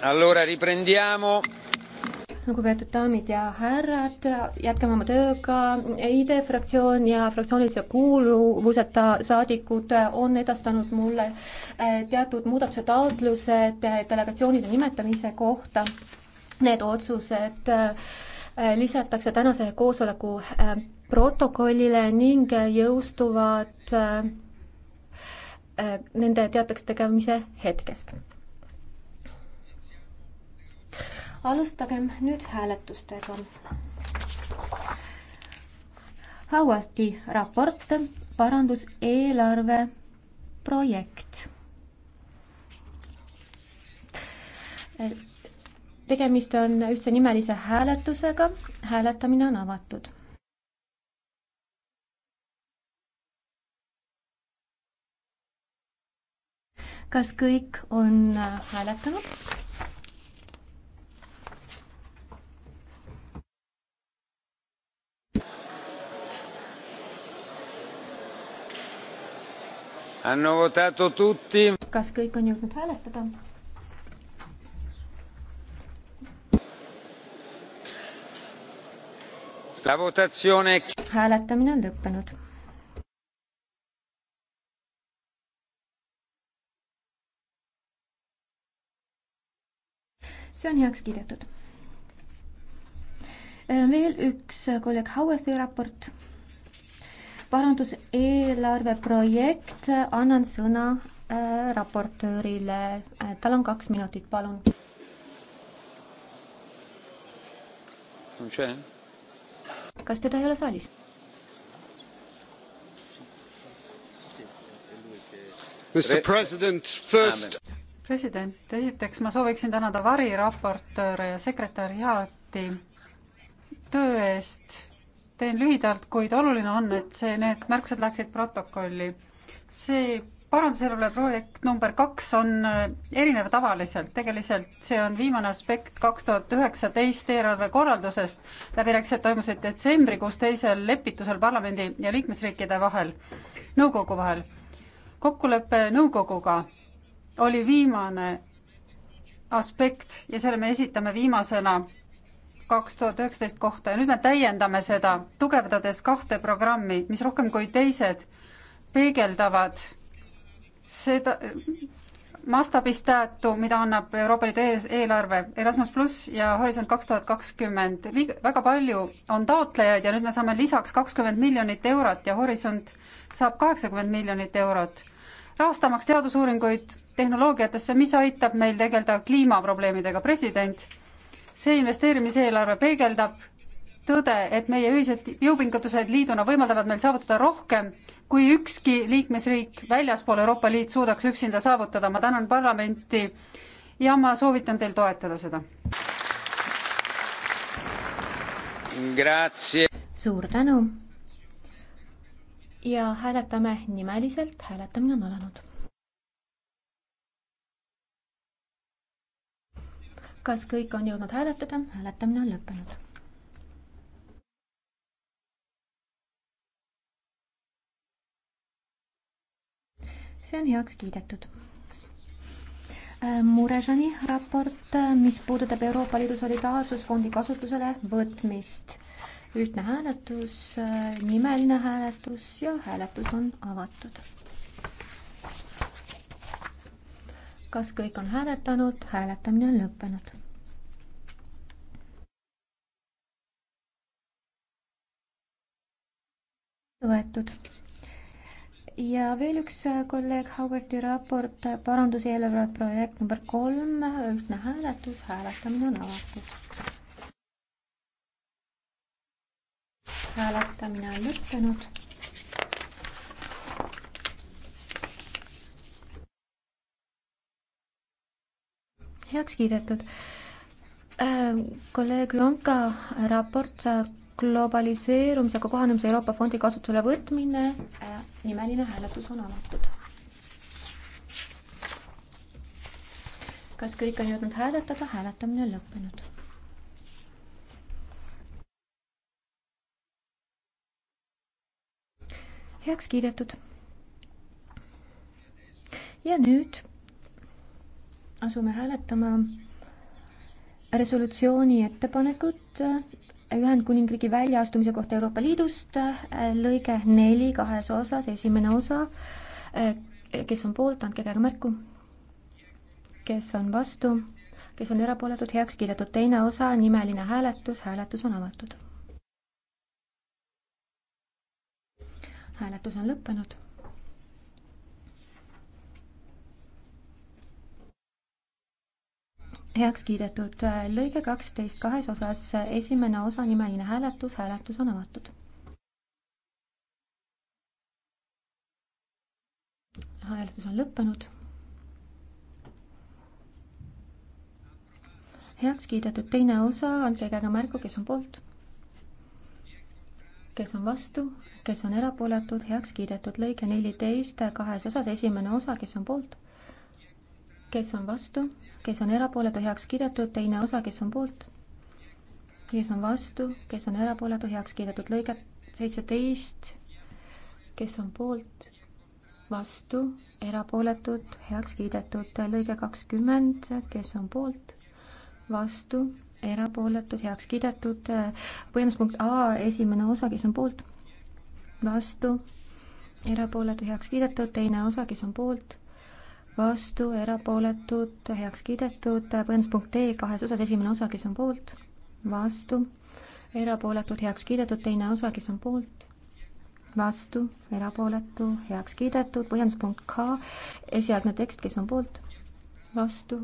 Allora riprendiamo. lugupeetud daamid ja härrad, jätkame oma tööga. ID fraktsioon ja fraktsioonilise kuuluvuseta saadikud on edastanud mulle eh, teatud muudatuse taotlused eh, delegatsioonide nimetamise kohta. Need otsused eh, lisatakse tänase koosoleku protokollile ning jõustuvad nende teateks tegemise hetkest alustagem nüüd hääletustega. Hauati raport, paranduseelarve projekt. tegemist on ühtsenimelise hääletusega, hääletamine on avatud kas kõik on hääletanud? kas kõik on jõudnud hääletada? hääletamine on lõppenud. see on heaks kiidetud. Äh, veel üks kolleeg Hauethi raport paranduseelarve projekt, annan sõna äh, raportöörile, äh, tal on kaks minutit, palun. kas teda ei ole saalis? president, president, esiteks ma sooviksin tänada variraportööre ja sekretäriaati töö eest teen lühidalt, kuid oluline on, et see, need märkused läksid protokolli. see parandusjärelevalve projekt number kaks on äh, erinev tavaliselt, tegelikult see on viimane aspekt kaks tuhat üheksateist eelarve korraldusest. läbirääkimised toimusid detsembrikuus teisel lepitusel parlamendi ja liikmesriikide vahel, nõukogu vahel. kokkulepe nõukoguga oli viimane aspekt ja selle me esitame viimasena kaks tuhat üheksateist kohta ja nüüd me täiendame seda, tugevdades kahte programmi, mis rohkem kui teised peegeldavad seda mastaabistäätu, mida annab Euroopa Liidu eelarve Erasmus pluss ja Horisont kaks tuhat kakskümmend. liig-, väga palju on taotlejaid ja nüüd me saame lisaks kakskümmend miljonit eurot ja Horisont saab kaheksakümmend miljonit eurot, rahastamaks teadusuuringuid tehnoloogiatesse, mis aitab meil tegeleda kliimaprobleemidega. president see investeerimiseelarve peegeldab tõde, et meie ühised jõupingutused liiduna võimaldavad meil saavutada rohkem, kui ükski liikmesriik väljaspool Euroopa Liit suudaks üksinda saavutada. ma tänan parlamenti ja ma soovitan teil toetada seda. suur tänu. ja hääletame nimeliselt, hääletamine on alanud kas kõik on jõudnud hääletada? hääletamine on lõppenud. see on heaks kiidetud. Äh, Murežani raport, äh, mis puudutab Euroopa Liidu Solidaarsusfondi kasutusele võtmist. ühtne hääletus, äh, nimeline hääletus ja hääletus on avatud kas kõik on hääletanud, hääletamine on lõppenud. võetud ja veel üks äh, kolleeg Howardi raport, äh, paranduseelarve projekt number kolm, ühtne hääletus, hääletamine on avatud. hääletamine on lõppenud heaks kiidetud. Äh, kolleeg Lonka raport äh, globaliseerumisega kohanemise Euroopa Fondi kasutusele võtmine, äh, nimeline hääletus on avatud. kas kõik on jõudnud hääletada, hääletamine on lõppenud. heaks kiidetud. ja nüüd asume hääletama resolutsiooni ettepanekut äh, Ühendkuningriigi väljaastumise kohta Euroopa Liidust, äh, lõige neli kahes osas, esimene osa, äh, kes on poolt, andke käega märku. kes on vastu, kes on erapooletud, heaks kiidetud, teine osa, nimeline hääletus, hääletus on avatud. hääletus on lõppenud heaks kiidetud. lõige kaksteist kahes osas, esimene osa nimeline hääletus, hääletus on avatud. hääletus on lõppenud. heaks kiidetud teine osa, andke käega märku, kes on poolt, kes on vastu, kes on erapooletud, heaks kiidetud lõige neliteist kahes osas, esimene osa, kes on poolt, kes on vastu kes on erapooletu, heaks kiidetud, teine osa, kes on poolt, kes on vastu, kes on erapooletu, heaks kiidetud, lõige seitseteist, kes on poolt, vastu, erapooletud, heaks kiidetud, lõige kakskümmend, kes on poolt, vastu, erapooletud, heaks kiidetud, põhjenduspunkt A, esimene osa, kes on poolt, vastu, erapooletu, heaks kiidetud, teine osa, kes on poolt vastu, erapooletud, heaks kiidetud, põhjendus punkt D kahes osas, esimene osa, kes on poolt, vastu, erapooletud, heaks kiidetud, teine osa, kes on poolt, vastu, erapooletu, heaks kiidetud, põhjendus punkt K, esialgne tekst, kes on poolt, vastu,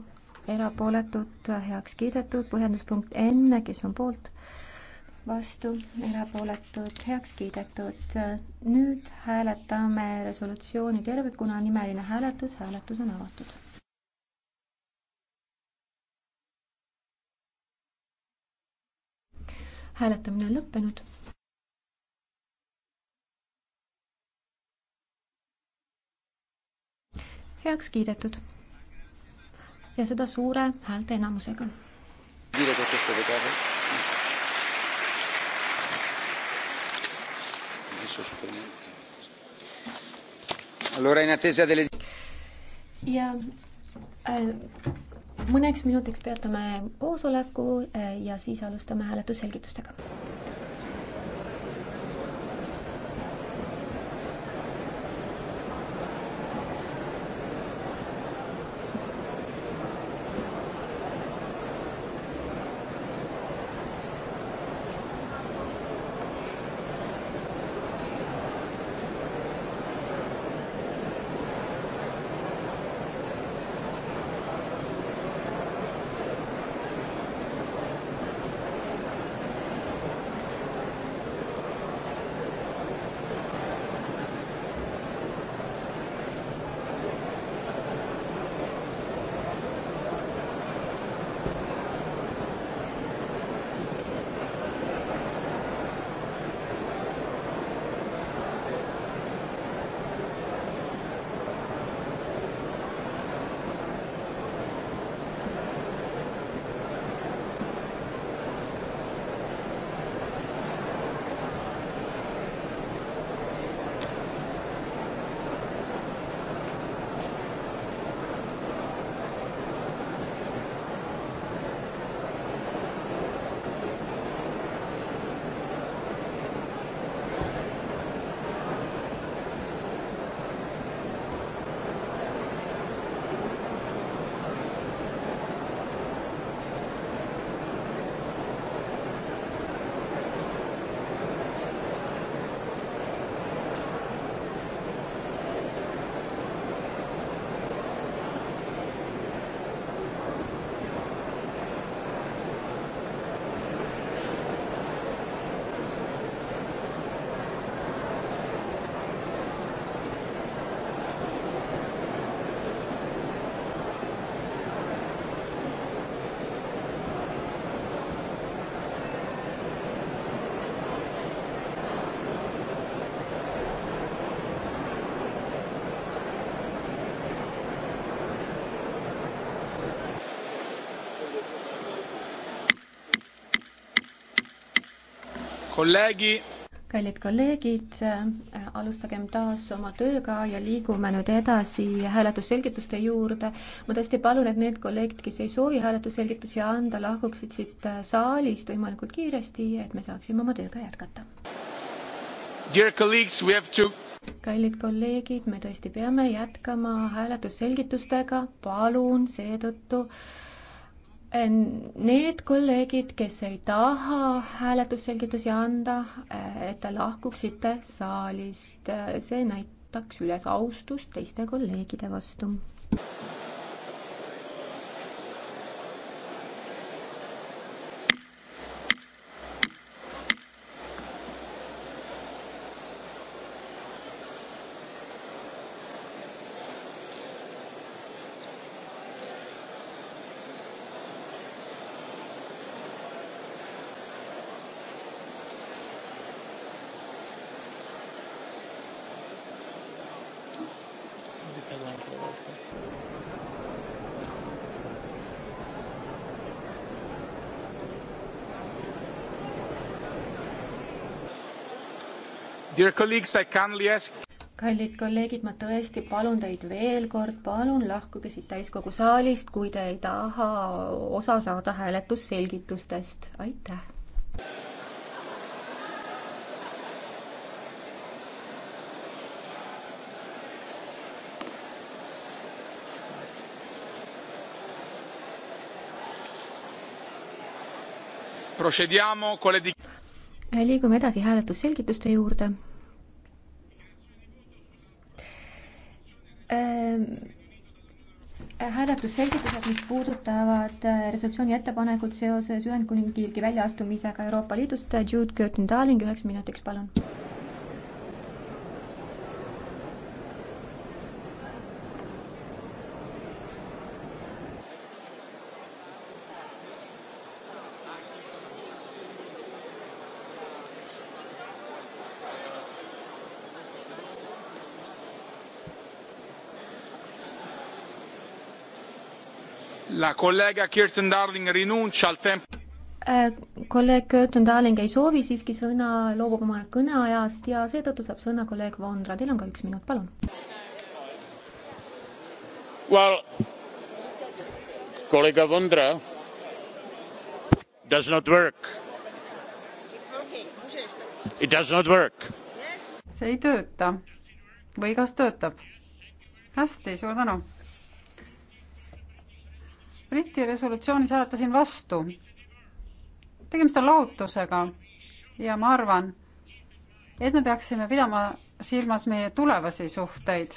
erapooletud, heaks kiidetud, põhjendus punkt N, kes on poolt, vastu, erapooletud, heaks kiidetud. nüüd hääletame resolutsiooni tervikuna, nimeline hääletus, hääletus on avatud hääletamine on lõppenud. heaks kiidetud ja seda suure häälteenamusega. kiire tutvustada ka. ja äh, mõneks minutiks peatame koosoleku äh, ja siis alustame hääletusselgitustega. kolleegi. kallid kolleegid, äh, alustagem taas oma tööga ja liigume nüüd edasi hääletusselgituste juurde. ma tõesti palun, et need kolleegid, kes ei soovi hääletusselgitusi anda, lahkuksid siit äh, saalist võimalikult kiiresti, et me saaksime oma tööga jätkata. To... kallid kolleegid, me tõesti peame jätkama hääletusselgitustega, palun seetõttu äh, Need kolleegid, kes ei taha hääletusselgitusi anda, äh, et te lahkuksite saalist, äh, see näitaks üles austust teiste kolleegide vastu. kallid kolleegid, ma tõesti palun teid veel kord, palun lahkuge siit täiskogu saalist, kui te ei taha osa saada hääletusselgitustest, aitäh. Procediamo con le liigume edasi hääletusselgituste juurde. Ehm, hääletusselgitused, mis puudutavad äh, resolutsiooni ettepanekut seoses Ühendkuningriigi väljaastumisega Euroopa Liidust, Jude Curtin-Darling üheks minutiks, palun La collega Kirsten Darling rinuncia al tempo äh, kolleeg Curtin Darling ei soovi siiski sõna, loobub oma kõneajast ja seetõttu saab sõna kolleeg Vondra, teil on ka üks minut, palun. Well, kolleeg Vondra does not work. It does not work. see ei tööta või kas töötab? hästi, suur tänu Briti resolutsioonis hääletasin vastu. tegemist on lahutusega ja ma arvan, et me peaksime pidama silmas meie tulevasi suhteid.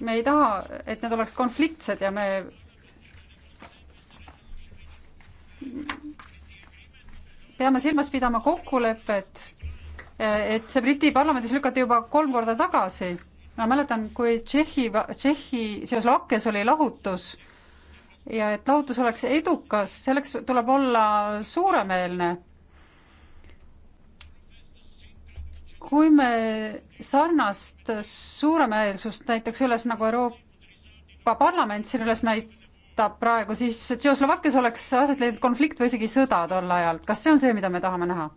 me ei taha, et need oleks konfliktsed ja me peame silmas pidama kokkulepet, et see Briti parlamendis lükati juba kolm korda tagasi. ma mäletan, kui Tšehhi, Tšehhi seoses lakkes oli lahutus ja et lahutus oleks edukas, selleks tuleb olla suuremeelne. kui me sarnast suuremeelsust näitaks üles nagu Euroopa Parlament siin üles näitab praegu, siis Tšehhoslovakkias oleks aset leidnud konflikt või isegi sõda tol ajal. kas see on see, mida me tahame näha?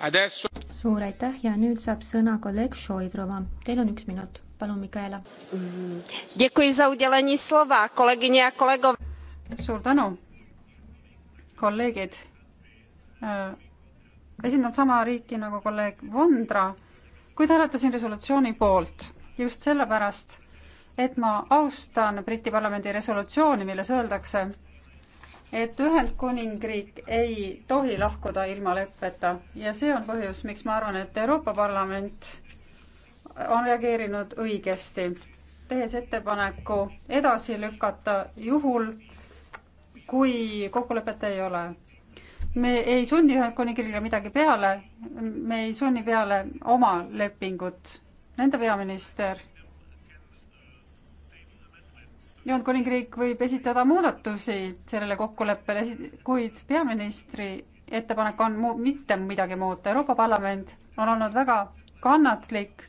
Adesso suur aitäh ja nüüd saab sõna kolleeg Šoidrova. Teil on üks minut, palun, Mikaela. suur tänu, kolleegid. Äh, esindan sama riiki nagu kolleeg Vondra, kuid hääletasin resolutsiooni poolt just sellepärast, et ma austan Briti parlamendi resolutsiooni, milles öeldakse, et Ühendkuningriik ei tohi lahkuda ilma leppeta ja see on põhjus, miks ma arvan, et Euroopa Parlament on reageerinud õigesti, tehes ettepaneku edasi lükata juhul, kui kokkulepet ei ole. me ei sunni Ühendkuningriigile midagi peale, me ei sunni peale oma lepingut. Nende peaminister Ühendkuningriik võib esitada muudatusi sellele kokkuleppele, kuid peaministri ettepanek on mu-, mitte midagi muuta. Euroopa Parlament on olnud väga kannatlik,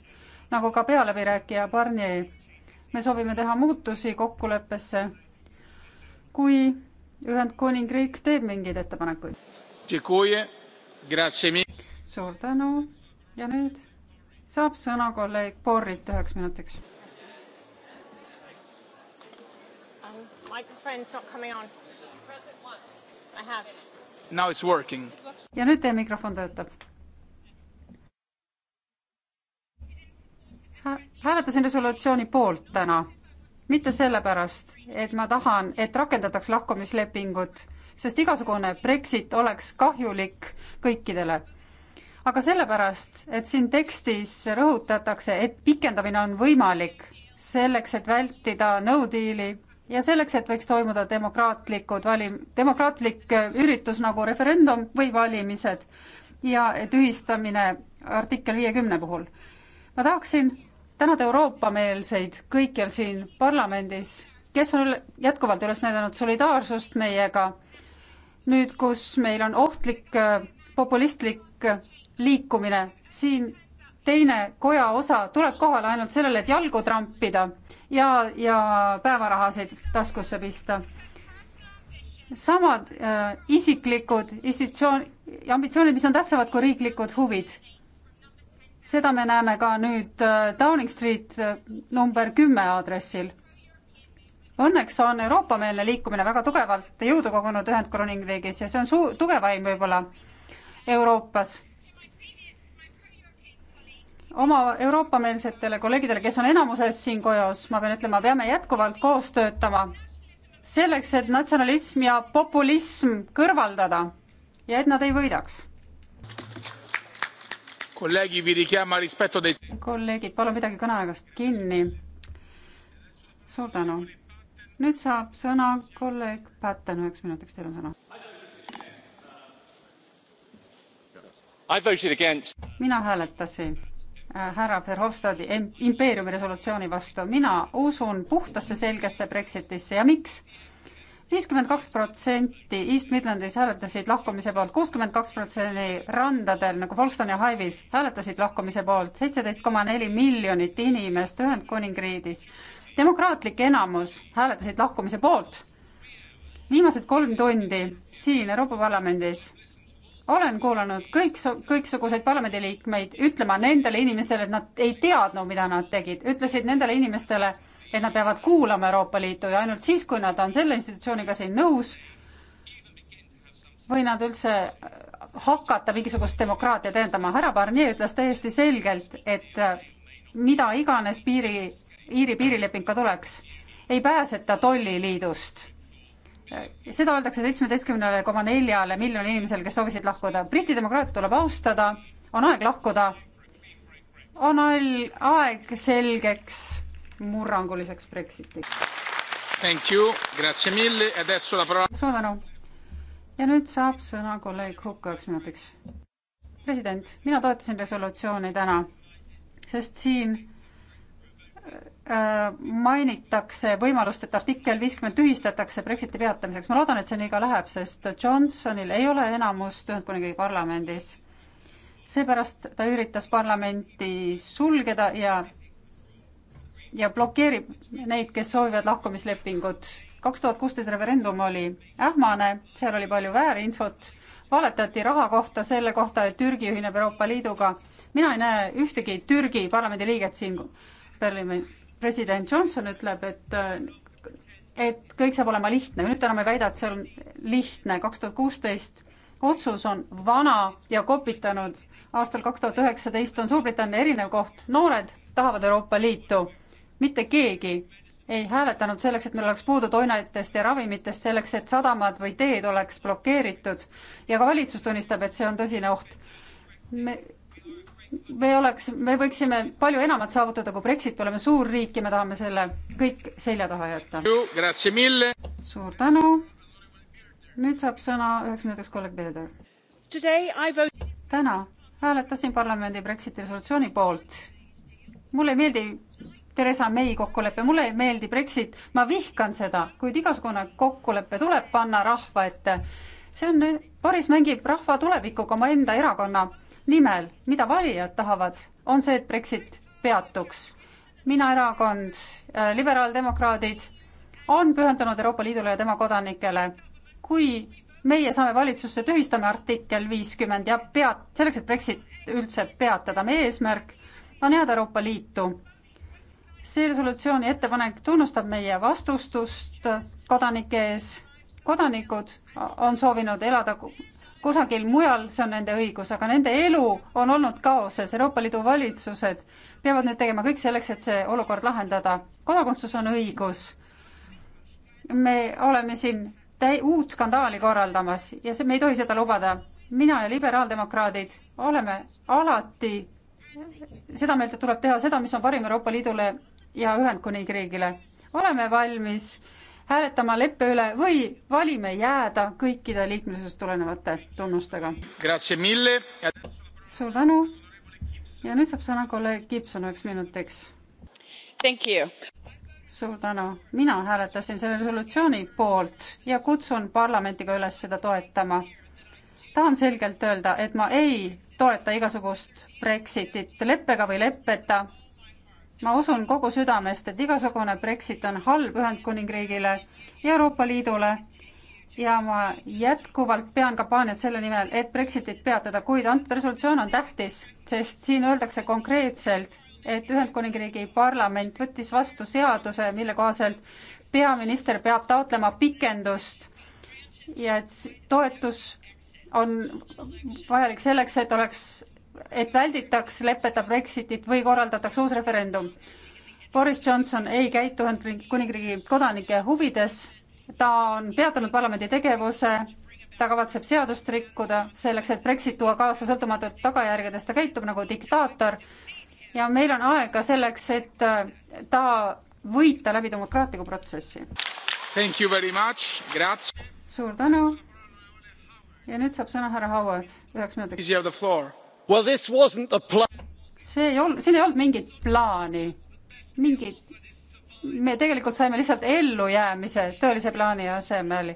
nagu ka pealäbirääkija Barnier. me soovime teha muutusi kokkuleppesse, kui Ühendkuningriik teeb mingeid ettepanekuid. suur tänu ja nüüd saab sõna kolleeg Borrit üheks minutiks Microphone's not coming on. I have. Now it's working. ja nüüd teie mikrofon töötab. hääletasin resolutsiooni poolt täna, mitte sellepärast, et ma tahan, et rakendataks lahkumislepingut, sest igasugune Brexit oleks kahjulik kõikidele aga sellepärast, et siin tekstis rõhutatakse, et pikendamine on võimalik selleks, et vältida no deal'i ja selleks, et võiks toimuda demokraatlikud valim-, demokraatlik äh, üritus nagu referendum või valimised ja tühistamine artikkel viiekümne puhul. ma tahaksin tänada Euroopa-meelseid kõikjal siin parlamendis, kes on jätkuvalt üles näidanud solidaarsust meiega, nüüd, kus meil on ohtlik äh, populistlik äh, liikumine, siin teine koja osa tuleb kohale ainult sellele, et jalgu trampida ja, ja päevarahasid taskusse pista. samad äh, isiklikud institutsioon, ambitsioonid, mis on tähtsamad kui riiklikud huvid. seda me näeme ka nüüd äh, Downing Street äh, number kümme aadressil. Õnneks on Euroopa-meelne liikumine väga tugevalt jõudu kogunud Ühendkuningriigis ja see on suu-, tugevaim võib-olla Euroopas oma Euroopa-meelsetele kolleegidele, kes on enamuses siin kojas, ma pean ütlema, peame jätkuvalt koos töötama selleks, et natsionalism ja populism kõrvaldada ja et nad ei võidaks. kolleegid, palun pidage kõneaegast kinni. suur tänu. nüüd saab sõna kolleeg Patten, üheks minutiks teil on sõna. mina hääletasin härra Verhofstadi impeeriumi resolutsiooni vastu. mina usun puhtasse selgesse Brexitisse ja miks? viiskümmend kaks protsenti East Midlandis hääletasid lahkumise poolt, kuuskümmend kaks protsenti randadel nagu Folkestone ja Hive'is hääletasid lahkumise poolt, seitseteist koma neli miljonit inimest Ühendkuningriigis. demokraatlik enamus hääletasid lahkumise poolt. viimased kolm tundi siin Euroopa Parlamendis olen kuulanud kõik, kõiksuguseid parlamendiliikmeid ütlema nendele inimestele, et nad ei teadnud, mida nad tegid, ütlesid nendele inimestele, et nad peavad kuulama Euroopa Liitu ja ainult siis, kui nad on selle institutsiooniga siin nõus, või nad üldse hakata mingisugust demokraatiat edendama. härra Barnier ütles täiesti selgelt, et äh, mida iganes piiri, Iiri piirileping ka tuleks, ei pääseta tolliliidust seda öeldakse seitsmeteistkümnele koma neljale miljonile inimesele, kes soovisid lahkuda. Briti demokraatia tuleb austada, on aeg lahkuda, on aeg selgeks murranguliseks Brexitiks. suur tänu. ja nüüd saab sõna kolleeg Hukk üheks minutiks. president, mina toetasin resolutsiooni täna, sest siin Äh, mainitakse võimalust, et artikkel viiskümmend tühistatakse Brexiti peatamiseks. ma loodan, et see nii ka läheb, sest Johnsonil ei ole enamust Ühendkuningriigi parlamendis. seepärast ta üritas parlamenti sulgeda ja, ja blokeerib neid, kes soovivad lahkumislepingut. kaks tuhat kuusteist referendum oli ähmane, seal oli palju väärinfot, valetati raha kohta, selle kohta, et Türgi ühineb Euroopa Liiduga. mina ei näe ühtegi Türgi parlamendiliiget siin parlamendi president Johnson ütleb, et, et kõik saab olema lihtne, nüüd ta enam ei väida, et see on lihtne, kaks tuhat kuusteist otsus on vana ja kopitanud, aastal kaks tuhat üheksateist on Suurbritannia erinev koht, noored tahavad Euroopa Liitu, mitte keegi ei hääletanud selleks, et meil oleks puudu toinetest ja ravimitest, selleks, et sadamad või teed oleks blokeeritud ja ka valitsus tunnistab, et see on tõsine oht. me me oleks, me võiksime palju enamat saavutada kui Brexit, me oleme suur riik ja me tahame selle kõik selja taha jätta. suur tänu. nüüd saab sõna üheks minutiks kolleeg Peeter. täna hääletasin parlamendi Brexiti resolutsiooni poolt. mulle ei meeldi Theresa May kokkulepe, mulle ei meeldi Brexit, ma vihkan seda, kuid igasugune kokkulepe tuleb panna rahva ette. see on, Boris mängib rahva tulevikuga omaenda erakonna nimel, mida valijad tahavad, on see, et Brexit peatuks. mina erakond, äh, liberaaldemokraadid, on pühendunud Euroopa Liidule ja tema kodanikele. kui meie saame valitsusse, tühistame artikkel viiskümmend ja pead, selleks, et Brexit üldse peatada, meie eesmärk on jääda Euroopa Liitu. see resolutsiooni ettepanek tunnustab meie vastustust kodanike ees. kodanikud on soovinud elada kusagil mujal, see on nende õigus, aga nende elu on olnud kaoses. Euroopa Liidu valitsused peavad nüüd tegema kõik selleks, et see olukord lahendada. kodakondsus on õigus. me oleme siin täi-, uut skandaali korraldamas ja see, me ei tohi seda lubada. mina ja liberaaldemokraadid oleme alati seda meelt, et tuleb teha seda, mis on parim Euroopa Liidule ja Ühendkuningriigile. oleme valmis äh, hääletama leppe üle või valime jääda kõikide liikmesusest tulenevate tunnustega. suur tänu ja nüüd saab sõna kolleeg Gibson üheks minutiks. suur tänu, mina hääletasin selle resolutsiooni poolt ja kutsun parlamenti ka üles seda toetama. tahan selgelt öelda, et ma ei toeta igasugust Brexitit leppega või leppeta ma usun kogu südamest, et igasugune Brexit on halb Ühendkuningriigile ja Euroopa Liidule ja ma jätkuvalt pean kampaaniat selle nimel, et Brexitit peatada, kuid antud resolutsioon on tähtis, sest siin öeldakse konkreetselt, et Ühendkuningriigi parlament võttis vastu seaduse, mille kohaselt peaminister peab taotlema pikendust ja et toetus on vajalik selleks, et oleks et välditaks leppeta Brexitit või korraldatakse uus referendum. Boris Johnson ei käitu Ühendkuningriigi kodanike huvides, ta on peatanud parlamendi tegevuse, ta kavatseb seadust rikkuda selleks, et Brexit tuua kaasa sõltumatult tagajärgedest, ta käitub nagu diktaator ja meil on aega selleks, et äh, ta võita läbi demokraatliku protsessi. suur tänu. ja nüüd saab sõna härra Howard üheks minutiks. Well, this wasn't the plan. see ei olnud, siin ei olnud mingit plaani, mingit, me tegelikult saime lihtsalt ellujäämise tõelise plaani asemel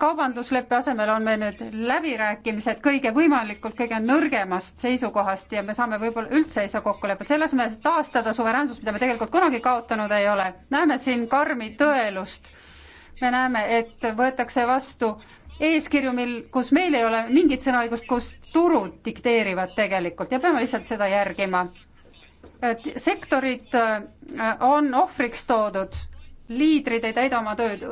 kaubandusleppe asemel on meil nüüd läbirääkimised kõige võimalikult kõige nõrgemast seisukohast ja me saame võib-olla üldse ei saa kokkulepet, selle asemel taastada suveräänsus, mida me tegelikult kunagi kaotanud ei ole. näeme siin karmi tõelust. me näeme, et võetakse vastu eeskirju, mil, kus meil ei ole mingit sõnaõigust, kus turud dikteerivad tegelikult ja peame lihtsalt seda järgima. et sektorid äh, on ohvriks toodud, liidrid ei täida oma tööd,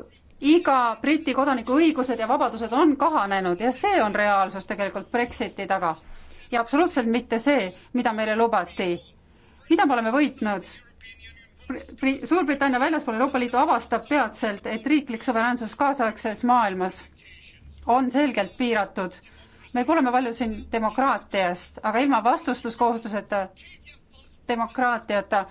iga Briti kodaniku õigused ja vabadused on kahanenud ja see on reaalsus tegelikult Brexiti taga. ja absoluutselt mitte see, mida meile lubati. mida me oleme võitnud? Suurbritannia väljaspool Euroopa Liitu avastab peatselt, et riiklik suveräänsus kaasaegses maailmas on selgelt piiratud. me kuuleme palju siin demokraatiast, aga ilma vastustuskohustuseta, demokraatiata.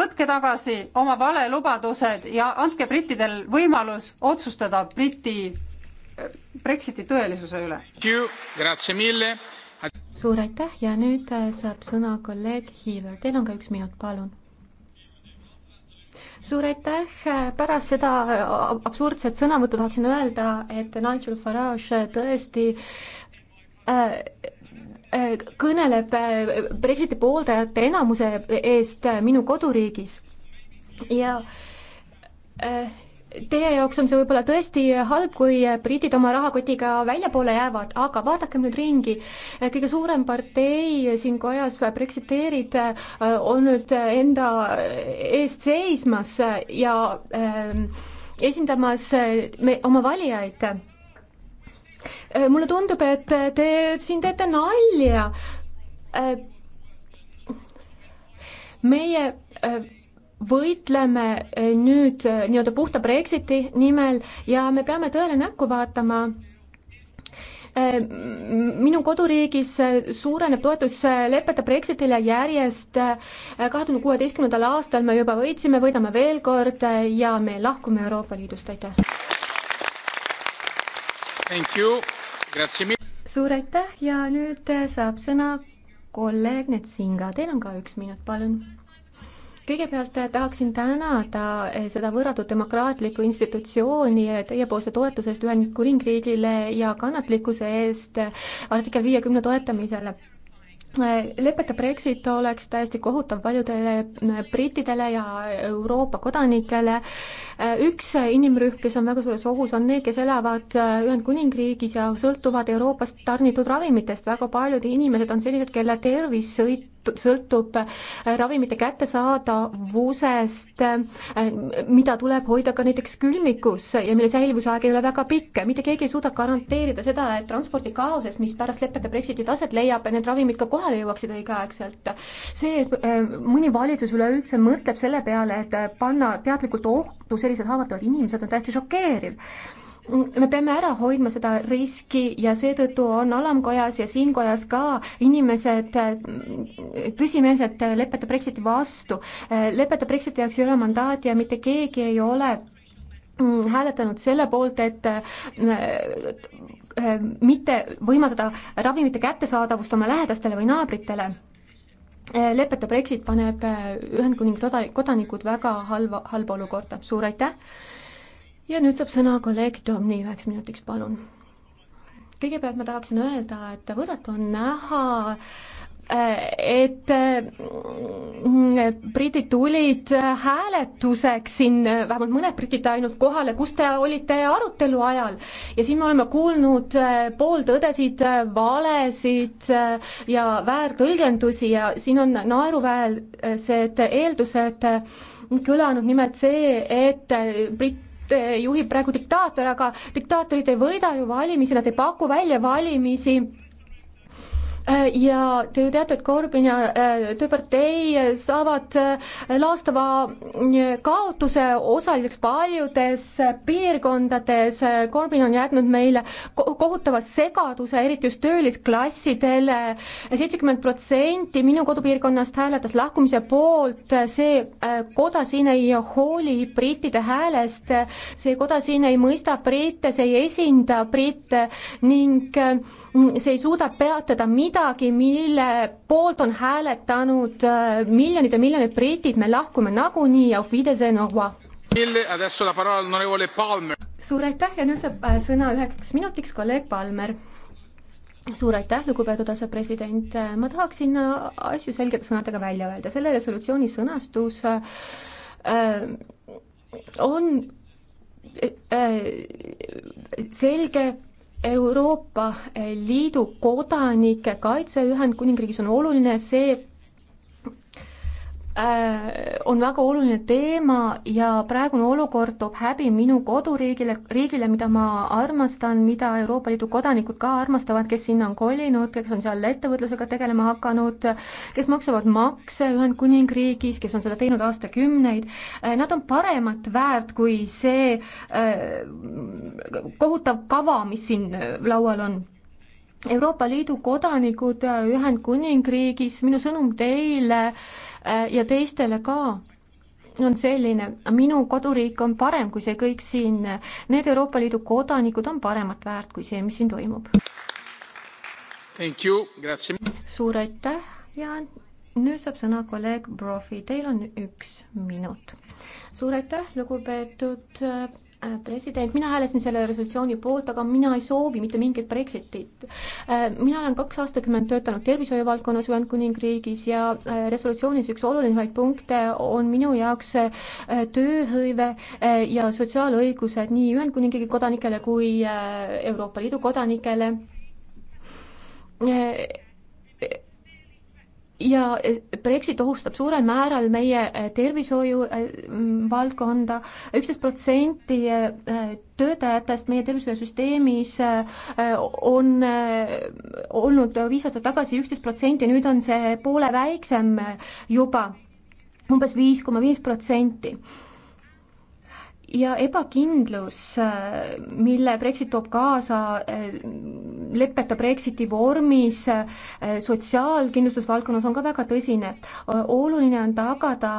võtke tagasi oma valelubadused ja andke brittidel võimalus otsustada Briti äh, Brexiti tõelisuse üle. suur aitäh ja nüüd äh, saab sõna kolleeg Hiiver, teil on ka üks minut, palun suur aitäh, pärast seda absurdset sõnavõttu tahaksin öelda, et Nigel Farage tõesti äh, äh, kõneleb äh, Brexiti pooldajate enamuse eest minu koduriigis ja äh, Teie jaoks on see võib-olla tõesti halb, kui britid oma rahakotiga väljapoole jäävad, aga vaadakem nüüd ringi. kõige suurem partei siin kojas, Brexiteerid, on nüüd enda eest seismas ja ähm, esindamas äh, me, oma valijaid äh, mulle tundub, et te siin teete nalja. Äh, meie võitleme eh, nüüd eh, nii-öelda puhta Brexiti nimel ja me peame tõele näkku vaatama. Eh, minu koduriigis suureneb toetus leppeta Brexitile järjest. kahe tuhande kuueteistkümnendal aastal me juba võitsime, võidame veel kord ja me lahkume Euroopa Liidust, aitäh. suur aitäh ja nüüd saab sõna kolleeg Netsinga, teil on ka üks minut, palun kõigepealt eh, tahaksin tänada eh, seda võrratut demokraatlikku institutsiooni eh, teiepoolse toetuse eest Ühendkuningriigile ja kannatlikkuse eest artikkel viiekümne toetamisele lepeta Brexit oleks täiesti kohutav paljudele brittidele ja Euroopa kodanikele. üks inimrühm, kes on väga suures ohus, on need, kes elavad Ühendkuningriigis ja sõltuvad Euroopast tarnitud ravimitest. väga paljud inimesed on sellised, kelle tervis sõit-, sõltub äh, ravimite kättesaadavusest, äh, mida tuleb hoida ka näiteks külmikus ja mille säilivusaeg ei ole väga pikk. mitte keegi ei suuda garanteerida seda, et transpordikaoses, mis pärast leppega Brexiti taset leiab, need ravimid ka kohale jõuaksid õigeaegselt. see, et äh, mõni valitsus üleüldse mõtleb selle peale, et panna teadlikult ohtu sellised haavatavad inimesed, on täiesti šokeeriv me peame ära hoidma seda riski ja seetõttu on alamkojas ja siin kojas ka inimesed tõsimeelselt lepete Brexiti vastu. lepete Brexiti jaoks ei ole mandaati ja mitte keegi ei ole mm, hääletanud selle poolt, et äh, mitte võimaldada ravimite kättesaadavust oma lähedastele või naabritele lepeta Brexit paneb äh, Ühendkuningriigi kodanikud väga halva, halba olukorda, suur aitäh ja nüüd saab sõna kolleeg Tomni üheks minutiks, palun. kõigepealt ma tahaksin öelda, et võrratu on näha et mm, britid tulid hääletuseks siin, vähemalt mõned britid ainult kohale, kus te olite arutelu ajal. ja siin me oleme kuulnud eh, pooltõdesid, valesid eh, ja väärtõlgendusi ja siin on naeruväärsed eeldused eh, kõlanud, nimelt see, et britt juhib praegu diktaator, aga diktaatorid ei võida ju valimisi, nad ei paku välja valimisi Äh, ja te ju teate, et Korbin ja äh, Tööpartei saavad äh, laastava kaotuse osaliseks paljudes piirkondades. Korbin on jätnud meile kohutava segaduse, eriti just töölisklassidele. seitsekümmend protsenti minu kodupiirkonnast hääletas lahkumise poolt, see koda siin ei hooli brittide häälest, see koda siin ei mõista britte, see ei esinda britte ning see ei suuda peatada, mida midagi, mille poolt on hääletanud äh, miljonid ja miljonid britid, me lahkume nagunii, auf Wiedersehen, au revoir. suur aitäh ja nüüd saab äh, sõna üheks minutiks kolleeg Palmer suur aitäh, lugupeetud asepresident, äh, ma tahaksin asju selgete sõnadega välja öelda, selle resolutsiooni sõnastus äh, on äh, selge Euroopa Liidu kodanike kaitse Ühendkuningriigis on oluline, see Äh, on väga oluline teema ja praegune olukord toob häbi minu koduriigile, riigile, mida ma armastan, mida Euroopa Liidu kodanikud ka armastavad, kes sinna on kolinud, kes on seal ettevõtlusega tegelema hakanud, kes maksavad makse Ühendkuningriigis, kes on seda teinud aastakümneid. Äh, nad on paremat väärt kui see äh, kohutav kava, mis siin laual on Euroopa Liidu kodanikud Ühendkuningriigis, minu sõnum teile Äh, ja teistele ka on selline, minu koduriik on parem kui see kõik siin, need Euroopa Liidu kodanikud on paremat väärt kui see, mis siin toimub. suur aitäh ja nüüd saab sõna kolleeg Brofi, teil on üks minut. suur aitäh, lugupeetud äh, Äh, president, mina hääletasin selle resolutsiooni poolt, aga mina ei soovi mitte mingit Brexitit. Äh, mina olen kaks aastakümmet töötanud tervishoiu valdkonnas Ühendkuningriigis ja äh, resolutsioonis üks olulisemaid punkte on minu jaoks tööhõive ja sotsiaalõigused nii Ühendkuningriigi kodanikele kui Euroopa Liidu kodanikele ja eh, Brexit ohustab suurel määral meie eh, tervishoiu eh, valdkonda, üksteist protsenti töötajatest meie tervishoiusüsteemis on olnud viis aastat tagasi üksteist protsenti, nüüd on see poole väiksem juba umbes, umbes viis koma viis protsenti ja ebakindlus, mille Brexit toob kaasa leppeta Brexiti vormis sotsiaalkindlustusvaldkonnas, on ka väga tõsine. oluline on tagada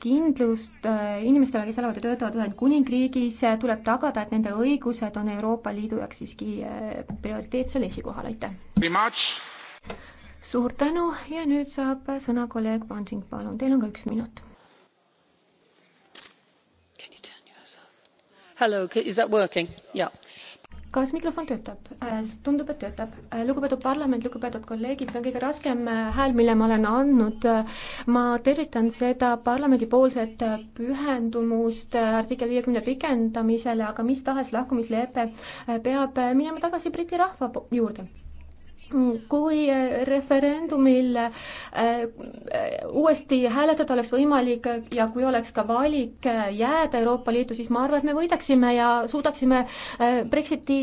kindlust inimestele, kes elavad ja töötavad Ühendkuningriigis, tuleb tagada, et nende õigused on Euroopa Liidu jaoks siiski prioriteetsel esikohal, aitäh! suur tänu ja nüüd saab sõna kolleeg Vansing, palun, teil on ka üks minut kas mikrofon töötab? Äh, tundub, et töötab. Äh, lugupeetud parlament, lugupeetud kolleegid, see on kõige raskem äh, hääl, mille ma olen andnud. ma tervitan seda parlamendipoolset pühendumust artikkel viiekümne pikendamisele, aga mis tahes lahkumislepe peab minema tagasi Briti rahva juurde kui äh, referendumil äh, äh, uuesti hääletada oleks võimalik ja kui oleks ka valik jääda Euroopa Liitu, siis ma arvan, et me võidaksime ja suudaksime Brexiti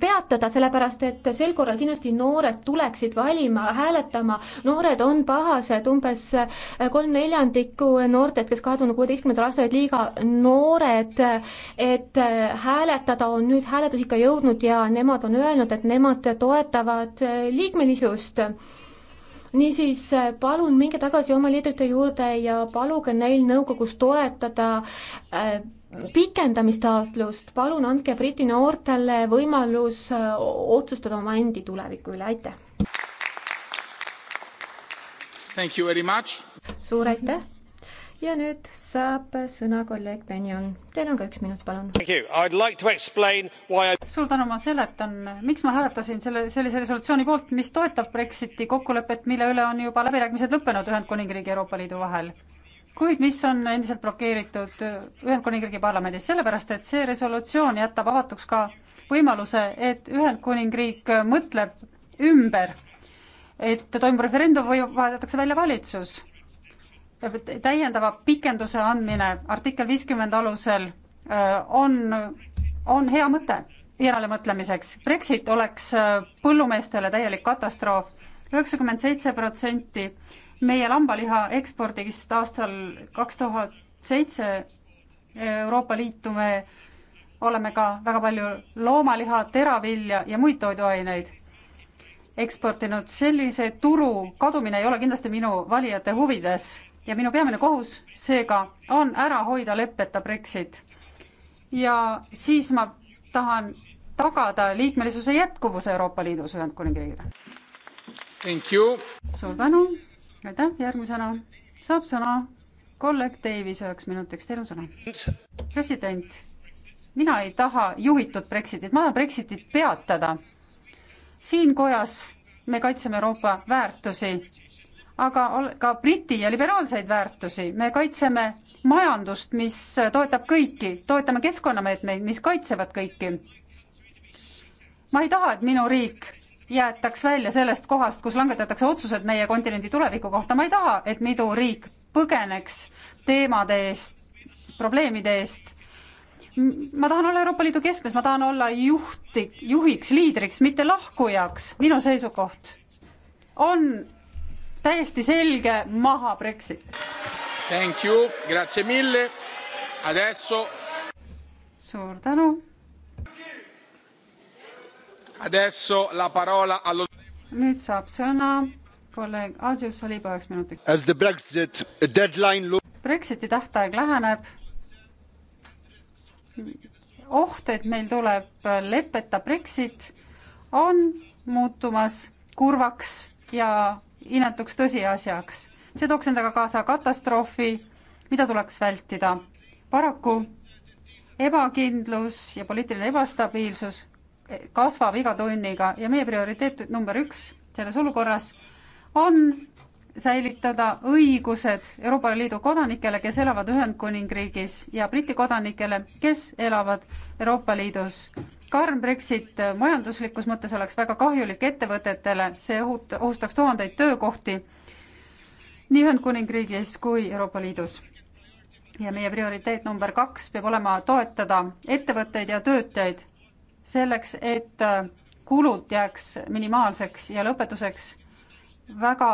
peatada, sellepärast et sel korral kindlasti noored tuleksid valima, hääletama, noored on pahased, umbes kolm neljandikku noortest, kes kahe tuhande kuueteistkümnendal aastal olid liiga noored, et hääletada on nüüd hääletusikka jõudnud ja nemad on öelnud, et nemad toetavad toetavad äh, liikmelisust. niisiis äh, palun minge tagasi oma liidrite juurde ja paluge neil nõukogus toetada äh, pikendamistaotlust, palun andke Briti noortele võimalus otsustada oma endi tuleviku üle, aitäh! suur aitäh! ja nüüd saab sõna kolleeg Benjon. Teil on ka üks minut, palun. Like suur tänu, ma seletan, miks ma hääletasin selle, sellise resolutsiooni poolt, mis toetab Brexiti kokkulepet, mille üle on juba läbirääkimised lõppenud Ühendkuningriigi ja Euroopa Liidu vahel kuid mis on endiselt blokeeritud Ühendkuningriigi parlamendis, sellepärast et see resolutsioon jätab avatuks ka võimaluse, et Ühendkuningriik mõtleb ümber, et toimub referendum või vahetatakse välja valitsus täiendava pikenduse andmine artikkel viiskümmend alusel äh, on, on hea mõte järelemõtlemiseks. Brexit oleks äh, põllumeestele täielik katastroof. üheksakümmend seitse protsenti meie lambaliha ekspordist aastal kaks tuhat seitse Euroopa Liitu me oleme ka väga palju loomaliha, teravilja ja muid toiduaineid eksportinud. sellise turu kadumine ei ole kindlasti minu valijate huvides ja minu peamine kohus seega on ära hoida leppeta Brexit. ja siis ma tahan tagada liikmelisuse jätkuvuse Euroopa Liidus Ühendkuningriigile. suur tänu, aitäh, järgmisena saab sõna kolleeg Davis üheks minutiks, teil on sõna. president, mina ei taha juhitud Brexitit, ma tahan Brexitit peatada. siin kojas me kaitseme Euroopa väärtusi aga ka Briti ja liberaalseid väärtusi, me kaitseme majandust, mis toetab kõiki, toetame keskkonnameetmeid, mis kaitsevad kõiki. ma ei taha, et minu riik jäetaks välja sellest kohast, kus langetatakse otsused meie kontinendi tuleviku kohta, ma ei taha, et minu riik põgeneks teemade eest, probleemide eest. ma tahan olla Euroopa Liidu keskmes, ma tahan olla juhti, juhiks, liidriks, mitte lahkujaks, minu seisukoht on täiesti selge maha Brexit. Thank you, grazie mille, adesso. suur tänu. Adesso la parola allo. nüüd saab sõna kolleeg Adjus Saliba üheks minutiks. As the Brexit deadline. Brexiti tähtaeg läheneb oht, et meil tuleb leppeta Brexit, on muutumas kurvaks ja inetuks tõsiasjaks. see tooks endaga kaasa katastroofi, mida tuleks vältida. paraku ebakindlus ja poliitiline ebastabiilsus kasvab iga tunniga ja meie prioriteet number üks selles olukorras on säilitada õigused Euroopa Liidu kodanikele, kes elavad Ühendkuningriigis ja Briti kodanikele, kes elavad Euroopa Liidus karm Brexit majanduslikus mõttes oleks väga kahjulik ettevõtetele, see ohut-, ohustaks tuhandeid töökohti nii Ühendkuningriigis kui Euroopa Liidus. ja meie prioriteet number kaks peab olema toetada ettevõtteid ja töötajaid selleks, et äh, kulud jääks minimaalseks ja lõpetuseks väga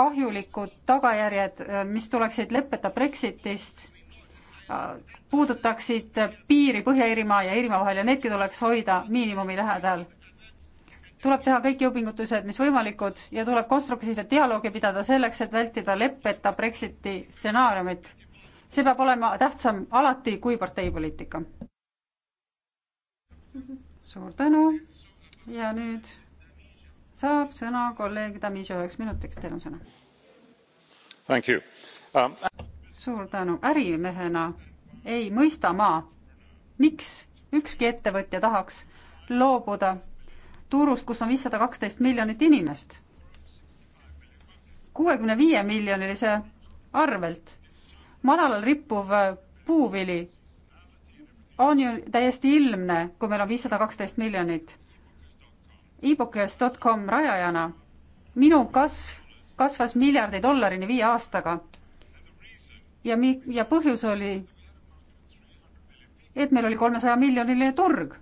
kahjulikud tagajärjed, äh, mis tuleksid leppeta Brexitist puudutaksid piiri Põhja-Iirimaa ja Iirimaa vahel ja needki tuleks hoida miinimumi lähedal. tuleb teha kõik jõupingutused, mis võimalikud ja tuleb konstruktiivset dialoogi pidada selleks, et vältida leppeta Brexiti stsenaariumit. see peab olema tähtsam alati kui parteipoliitika. suur tänu ja nüüd saab sõna kolleeg Damisio üheks minutiks, teil on sõna. Um suur tänu, ärimehena ei mõista ma, miks ükski ettevõtja tahaks loobuda turust, kus on viissada kaksteist miljonit inimest, kuuekümne viie miljonilise arvelt. madalal rippuv puuvili on ju täiesti ilmne, kui meil on viissada kaksteist miljonit e. ebookers.com rajajana minu kasv kasvas miljardi dollarini viie aastaga ja mi-, ja põhjus oli, et meil oli kolmesaja miljoniline turg.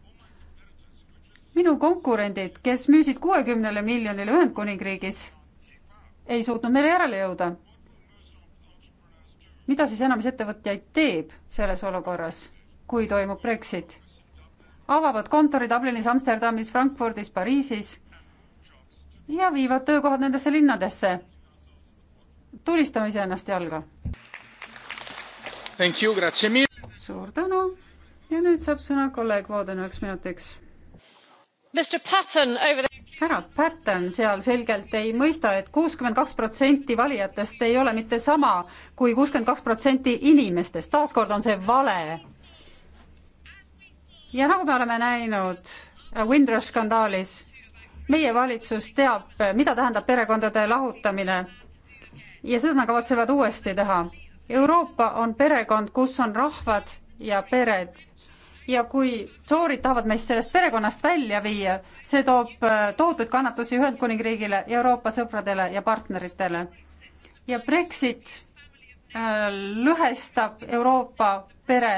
minu konkurendid, kes müüsid kuuekümnele miljonile Ühendkuningriigis, ei suutnud meile järele jõuda. mida siis enamus ettevõtjaid teeb selles olukorras, kui toimub Brexit? avavad kontorid Dublinis, Amsterdamis, Frankfurdis, Pariisis ja viivad töökohad nendesse linnadesse. tulistame iseennast jalga suur tänu ja nüüd saab sõna kolleeg Vooden üheks minutiks. härra Patten seal selgelt ei mõista et, et kuuskümmend kaks protsenti valijatest ei ole mitte sama kui kuuskümmend kaks protsenti inimestest, taaskord on see vale. ja nagu me oleme näinud äh, Windrush skandaalis, meie valitsus teab, äh, mida tähendab perekondade lahutamine ja seda nad kavatsevad uuesti teha Euroopa on perekond, kus on rahvad ja pered ja kui toorid tahavad meist sellest perekonnast välja viia, see toob äh, tohutuid kannatusi Ühendkuningriigile, Euroopa sõpradele ja partneritele. ja Brexit äh, lõhestab Euroopa pere,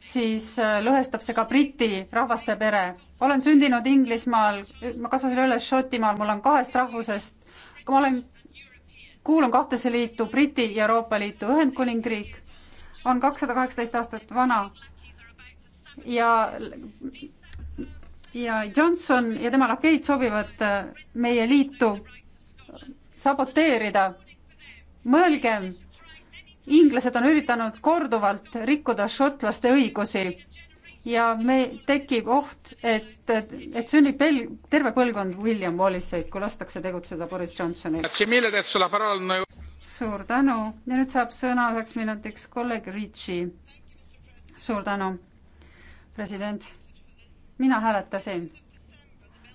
siis äh, lõhestab see ka Briti rahvaste pere. olen sündinud Inglismaal, ma kasvasin üles Šotimaal, mul on kahest rahvusest, ma olen kuulun kahtesse liitu, Briti ja Euroopa Liitu, Ühendkuningriik on kakssada kaheksateist aastat vana ja ja Johnson ja tema lakeid soovivad äh, meie liitu saboteerida. mõelgem, inglased on üritanud korduvalt rikkuda šotlaste õigusi ja me, tekib oht, et, et sünnib veel terve põlvkond William Wallace'eid, kui lastakse tegutseda Boris Johnsonil. suur tänu ja nüüd saab sõna üheks minutiks kolleeg Ritši. suur tänu, president. mina hääletasin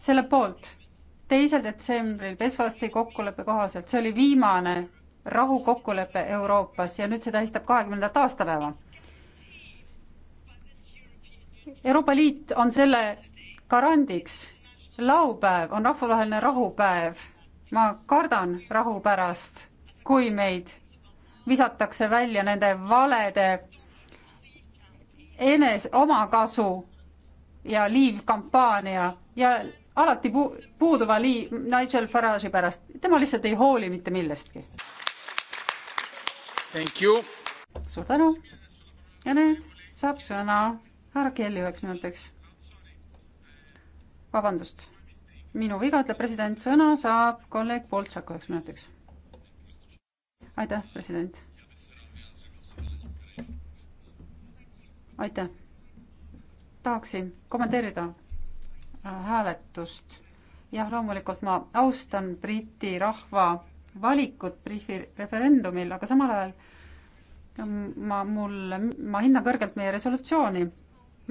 selle poolt teisel detsembril Pesvasti kokkuleppe kohaselt, see oli viimane rahukokkulepe Euroopas ja nüüd see tähistab kahekümnendat aastapäeva Euroopa Liit on selle garandiks. laupäev on rahvusvaheline rahupäev. ma kardan rahu pärast, kui meid visatakse välja nende valede enes-, omakasu ja liivkampaania ja alati puu-, puuduva lii-, Nigel Farage'i pärast, tema lihtsalt ei hooli mitte millestki. suur tänu ja nüüd saab sõna härra Kelly üheks minutiks. vabandust, minu viga, ütleb president, sõna saab kolleeg Boltšak üheks minutiks. aitäh, president. aitäh. tahaksin kommenteerida äh, hääletust. jah, loomulikult ma austan Briti rahva valikut briifi referendumil, aga samal ajal mm, ma, mul, ma hindan kõrgelt meie resolutsiooni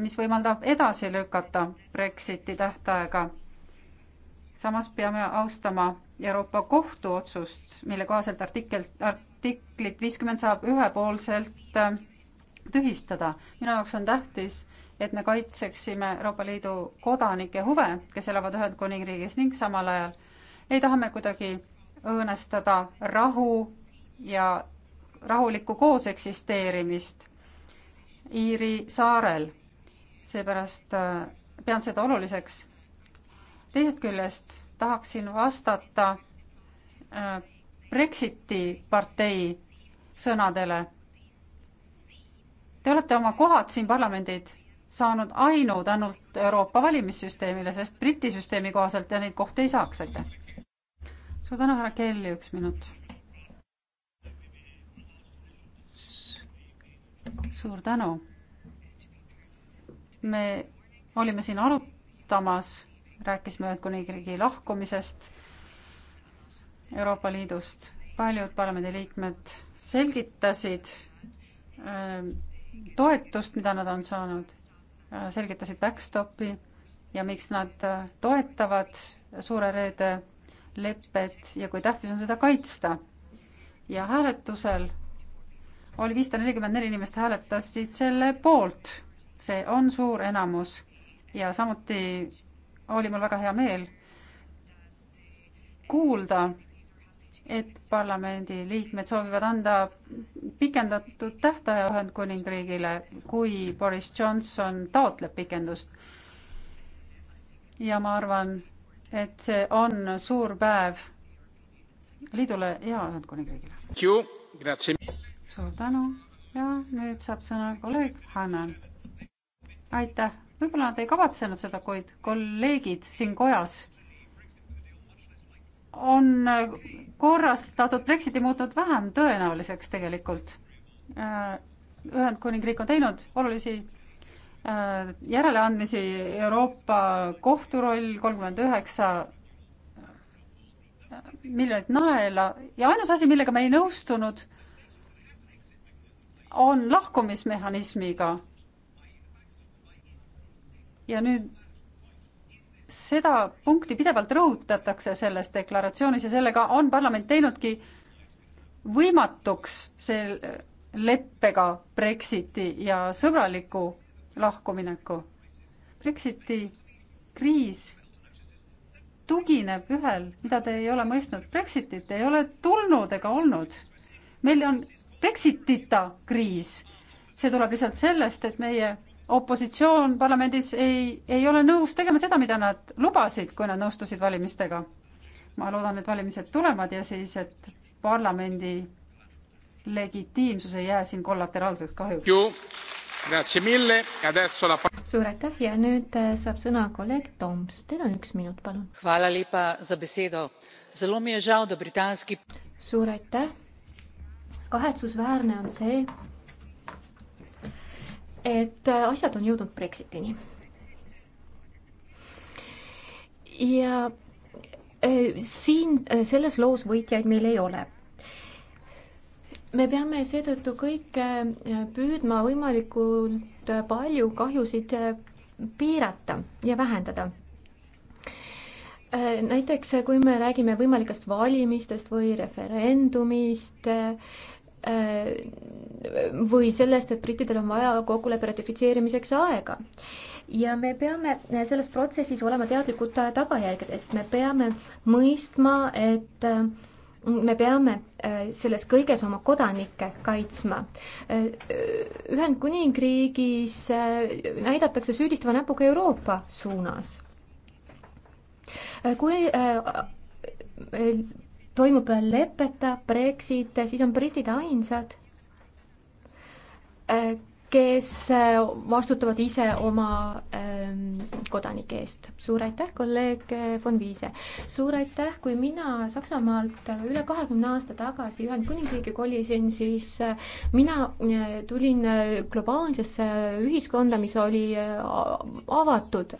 mis võimaldab edasi lükata Brexiti tähtaega. samas peame austama Euroopa Kohtu otsust, mille kohaselt artikkel, artiklit viiskümmend saab ühepoolselt äh, tühistada. minu jaoks on tähtis, et me kaitseksime Euroopa Liidu kodanike huve, kes elavad Ühendkuningriigis ning samal ajal ei taha me kuidagi õõnestada rahu ja rahulikku kooseksisteerimist Iiri saarel seepärast äh, pean seda oluliseks. teisest küljest tahaksin vastata äh, Brexiti partei sõnadele. Te olete oma kohad siin parlamendid saanud ainult ainult Euroopa valimissüsteemile, sest Briti süsteemi kohaselt te neid kohti ei saaks, aitäh. suur tänu, härra Kelly, üks minut. suur tänu me olime siin arutamas, rääkisime Ühendkuningriigi lahkumisest Euroopa Liidust, paljud parlamendiliikmed selgitasid öö, ähm, toetust, mida nad on saanud, äh, selgitasid backstopi ja miks nad äh, toetavad Suure Reede lepet ja kui tähtis on seda kaitsta. ja hääletusel oli viissada nelikümmend neli inimest hääletasid selle poolt see on suur enamus ja samuti oli mul väga hea meel kuulda, et parlamendi liikmed soovivad anda pikendatud tähtaja Ühendkuningriigile, kui Boris Johnson taotleb pikendust. ja ma arvan, et see on suur päev liidule ja Ühendkuningriigile. suur tänu ja nüüd saab sõna kolleeg Hannan aitäh, võib-olla nad ei kavatsenud seda, kuid kolleegid siin kojas on korrastatud Brexiti muutunud vähem tõenäoliseks tegelikult. Äh, Ühendkuningriik on teinud olulisi äh, järeleandmisi, Euroopa kohtu roll kolmkümmend üheksa äh, miljonit naela ja ainus asi, millega me ei nõustunud, on lahkumismehhanismiga ja nüüd seda punkti pidevalt rõhutatakse selles deklaratsioonis ja sellega on parlament teinudki võimatuks see äh, leppega Brexiti ja sõbraliku lahkumineku. Brexiti kriis tugineb ühel, mida te ei ole mõistnud, Brexitit ei ole tulnud ega olnud. meil on Brexitita kriis, see tuleb lihtsalt sellest, et meie opositsioon parlamendis ei, ei ole nõus tegema seda, mida nad lubasid, kui nad nõustusid valimistega. ma loodan, et valimised tulevad ja siis, et parlamendi legitiimsus ei jää siin kollateraalseks kahjuks. suur aitäh ja nüüd äh, saab sõna kolleeg Toms, teil on üks minut, palun. suur aitäh. kahetsusväärne on see, et äh, asjad on jõudnud Brexitini. ja äh, siin äh, selles loos võitjaid meil ei ole me peame seetõttu kõik püüdma võimalikult palju kahjusid piirata ja vähendada. näiteks kui me räägime võimalikest valimistest või referendumist, Äh, või sellest, et brittidel on vaja kokkuleppe ratifitseerimiseks aega. ja me peame selles protsessis olema teadlikud tagajärgedest, me peame mõistma, et äh, me peame äh, selles kõiges oma kodanikke kaitsma. Ühendkuningriigis näidatakse süüdistava näpuga Euroopa suunas. kui toimub leppeta Brexit, siis on britid ainsad, äh, kes äh, vastutavad ise oma ähm, kodanike eest. suur aitäh, kolleeg äh, von Wiese. suur aitäh, kui mina Saksamaalt üle kahekümne aasta tagasi Ühendkuningriigi kolisin, siis mina tulin globaalsesse ühiskonda, mis oli avatud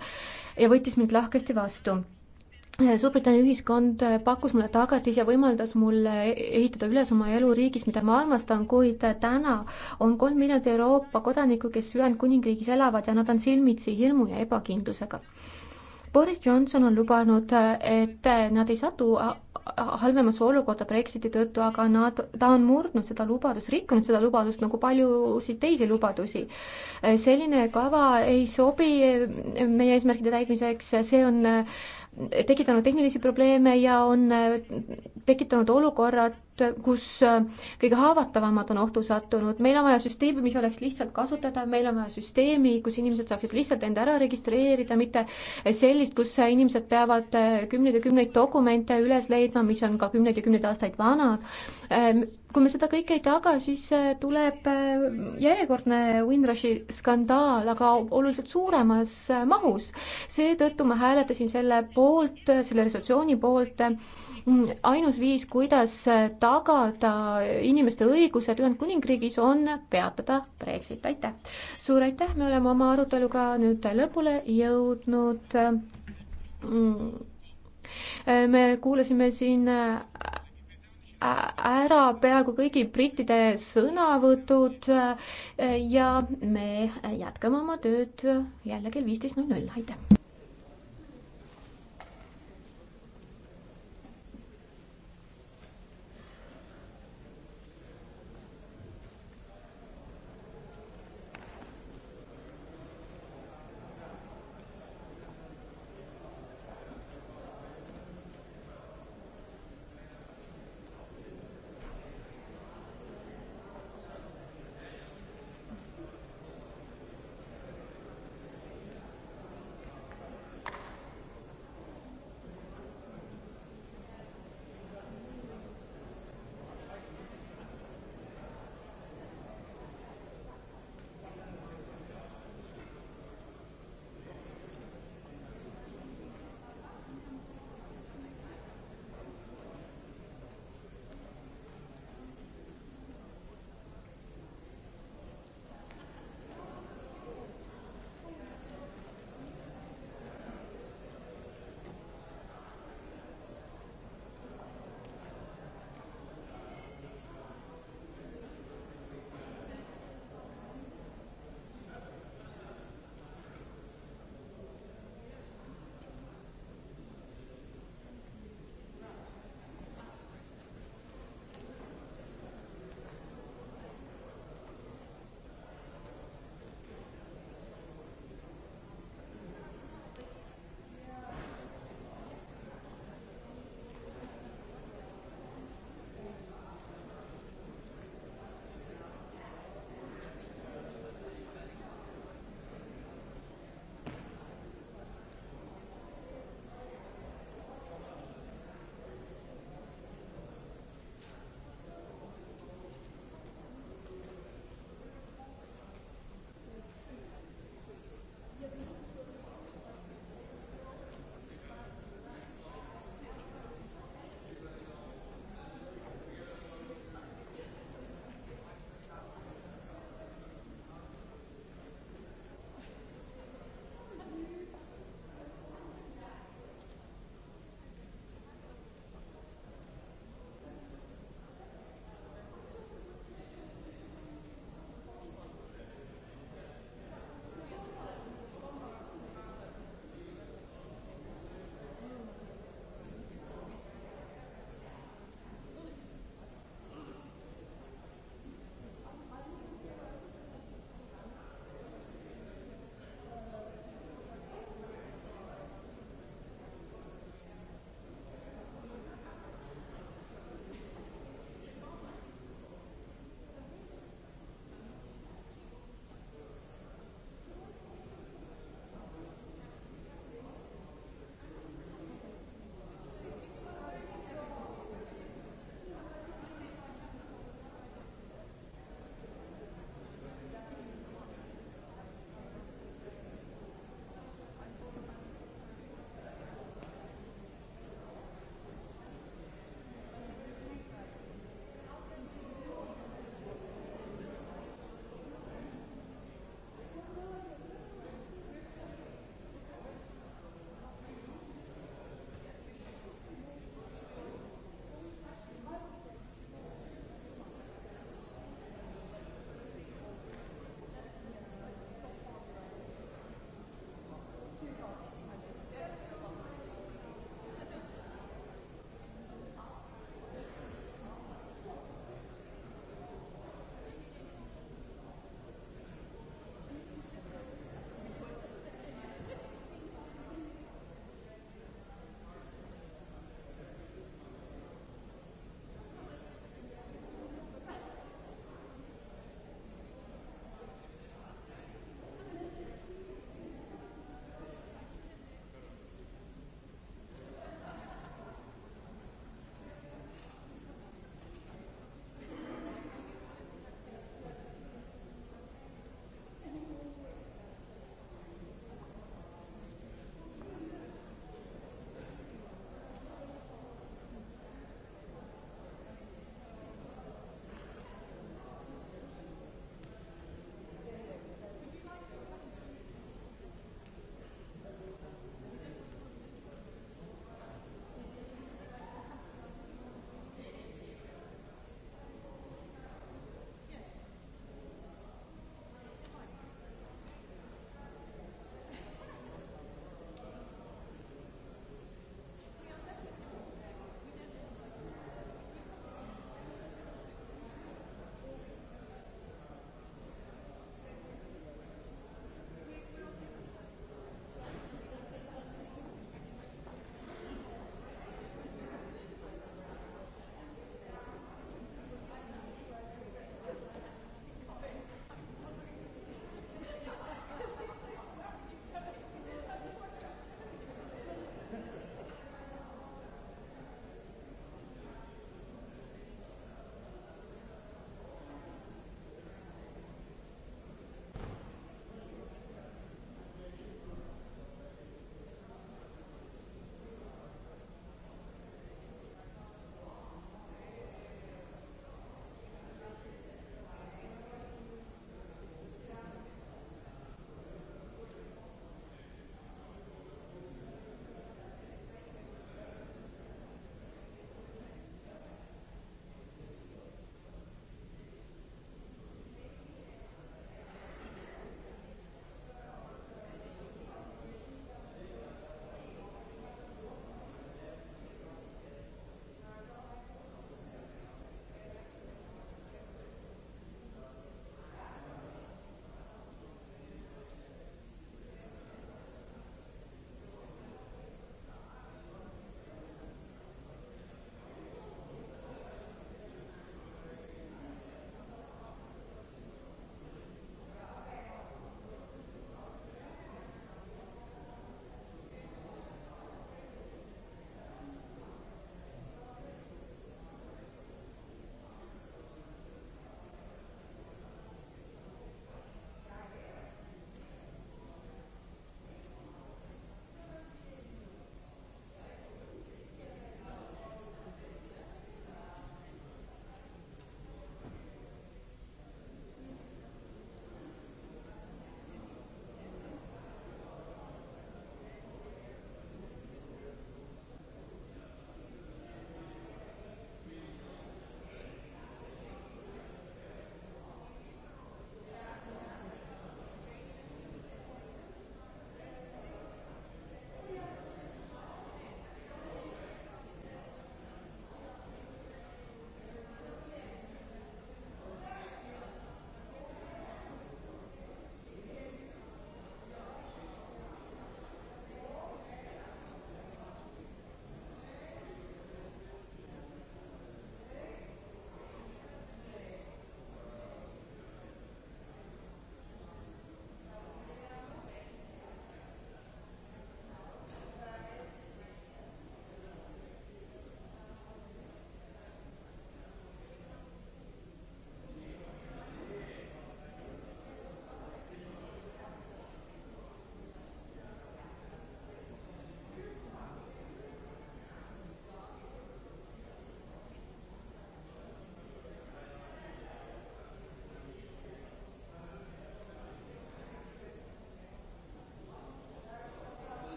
ja võttis mind lahkesti vastu Suurbritannia ühiskond pakkus mulle tagatisi ja võimaldas mul ehitada üles oma elu riigis, mida ma armastan, kuid täna on kolm miljonit Euroopa kodanikku, kes Ühendkuningriigis elavad ja nad on silmitsi hirmu ja ebakindlusega. Boris Johnson on lubanud, et nad ei satu halvemasse olukorda Brexiti tõttu, aga nad, ta on murdnud seda lubadust, rikkunud seda lubadust nagu paljusid teisi lubadusi. selline kava ei sobi meie eesmärkide täitmiseks, see on äh, tekitanud tehnilisi probleeme ja on tekitanud olukorrad, kus äh, kõige haavatavamad on ohtu sattunud, meil on vaja süsteemi, mis oleks lihtsalt kasutada, meil on vaja süsteemi, kus inimesed saaksid lihtsalt end ära registreerida, mitte sellist, kus inimesed peavad äh, kümneid ja kümneid dokumente üles leidma, mis on ka kümneid ja kümneid aastaid vanad. Ähm, kui me seda kõike ei taga, siis äh, tuleb järjekordne Windrushi skandaal, aga oluliselt suuremas mahus. seetõttu ma hääletasin selle poolt, selle resolutsiooni poolt ainus viis, kuidas tagada inimeste õigused Ühendkuningriigis, on peatada Brexit, aitäh. suur aitäh, me oleme oma aruteluga nüüd lõpule jõudnud. Mm. me kuulasime siin ära peaaegu kõigi brittide sõnavõtud ja me jätkame oma tööd jälle kell viisteist null null, aitäh!